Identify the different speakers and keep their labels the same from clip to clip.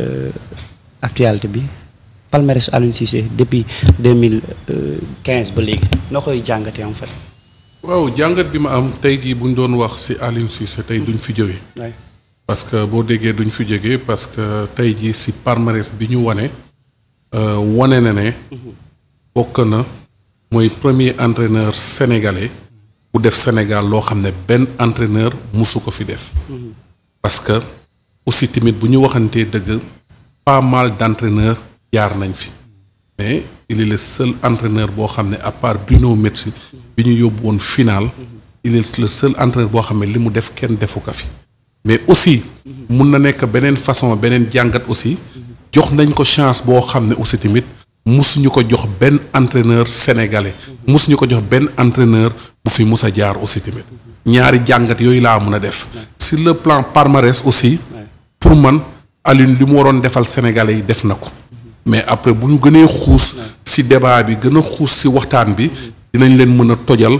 Speaker 1: Euh, actualité bi palmarès Aliou Cissé depuis deux mille quinze ba léegi noo koy jàngatee en fait. waaw jàngat bi ma am tey jii bu ñu doon wax ci Aliou Cissé tey duñ fi jógee. parce que boo déggee duñ fi jóge parce que tey jii si palmarès bi ñu wane. Euh, wane na ne. bokk na mooy premier entreneur sénégalais. bu def Sénégal loo xam ne benn entraîneur mosu ko fi def. Mm-hmm. parce aussi tamit bu ñu waxantee dëgg pas mal d' entraîneur jaar nañ fi mais il est le boo xam ne à part Bruno Metsu bi ñu yóbbu woon final il est le seul entraîneur boo xam ne li mu def kenn defu ko fi mais aussi mun na nekk beneen façon beneen jàngat aussi jox nañ ko chance boo xam ne aussi tamit musuñu ko jox benn entraîneur sénégalais musuñu ko jox benn entraîneur bu fi mus a jaar aussi tamit ñaari jàngat yooyu laa mun a def sur le plan palmarès aussi pour man Alioune li mu waroon defal Sénégalais yi def na ko mais après bu ñu gënee xuus ci débat bi gën a xuus ci waxtaan bi dinañ leen mën a tojal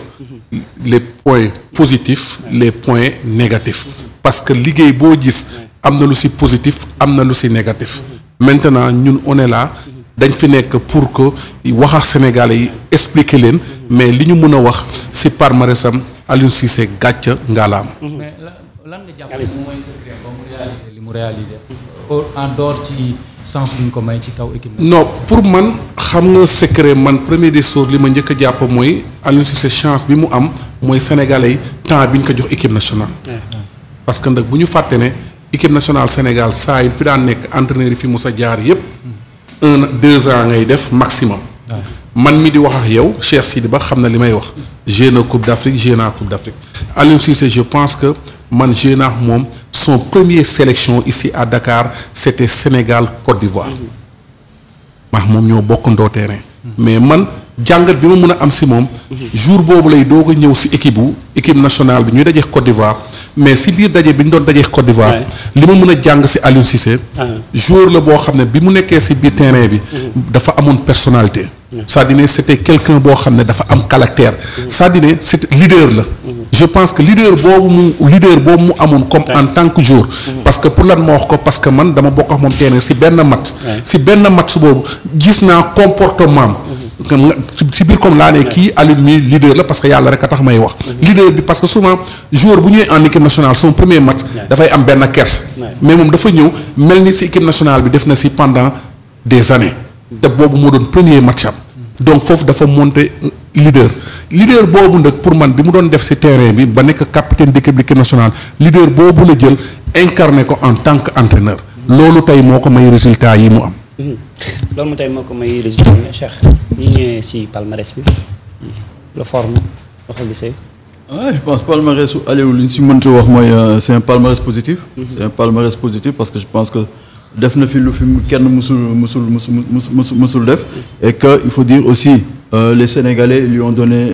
Speaker 1: les points positifs les points négatifs parce que liggéey boo gis am na lu ci positif am na lu ci négatif maintenant ñun on dañ fi nekk pour ko wax ak Sénégalais yi expliquer leen mais li ñu mën a wax ci palmarèsam Aliou Cissé gàcc ngaalaam lan nga jàpp li mu réaliser pour en dehors ci sens bi ñu ko ci kaw équipe non pour man xam nga secret man premier de choses li ma njëkk a jàpp mooy Aliou Cissé chance bi mu am mooy sénégalais temps bi ñu ko jox équipe nationale. parce que nag bu ñu fàtte ne équipe nationale Sénégal saa yu fi daan nekk entraîneur yi fi mos sa jaar yëpp. un deux ans ngay def maximum. man mi di wax ak yow Cheikh Sidi Ba xam na li may wax. Géna Coupe d' Afrique Géna Coupe d' Afrique je pense que. man joué naa moom son premier sélection ici à Dakar c'était Sénégal Côte d'Ivoire. maax moom ñoo bokkandoo terrain. mais man jàngat bi ma mën a am si moom. jour boobu lay doog a ñëw si équipe bu équipe nationale bi ñuy dajee Côte d'Ivoire mais si biir daje bi ñu doon dajee Côte d'Ivoire. li ma mën a jàng si Aliou Cissé. Ah. jour la boo xam ne bi mu nekkee si biir terrain bi. dafa amoon personnalité. c'est-à-dire quelqu'un boo xam ne dafa am caractère. Mm. cest à la. Mm. je pense que leader boobu mu leader boobu mu amoon comme en tan que jour mm-hmm. parce que pour lan ma wax ko parce que man dama bokk ak moom terrain si benn mat si benn mat su boobu gis naa comportement si mm-hmm. biir comme laa ne kii Alioune mi leader la parce que yàlla rek a tax may wax mm-hmm. leader bi parce que souvent joueur bu ñëwee en équipe nationale son premier match dafay am benn kerse mais moom dafa ñëw mel ni si équipe nationale bi def na si pendant des années te boobu moo doon premier match am donc foofu dafa monter leader leader boobu nag pour man bi mu doon def ci terrain bi ba nekk capitaine d'équipe bi nationale leader boobu la jël incarné ko en tant que entraîneur loolu tey moo ko may résultat yi mu am. Mhm. loolu tey moo ko may résultat yi Cheikh ñu ñëwee bi la forme la ko gisee. Ah, pense palmarès su Aliou li ñu ci mënti wax mooy euh, c'est un palmarès positif. Mhm. c'est un palmarès positif parce que je pense que. def na fi lu fi kenn mosul mosul musul musul musul musul mosul def et que il faut dire aussi euh, les Sénégalais lui ont donné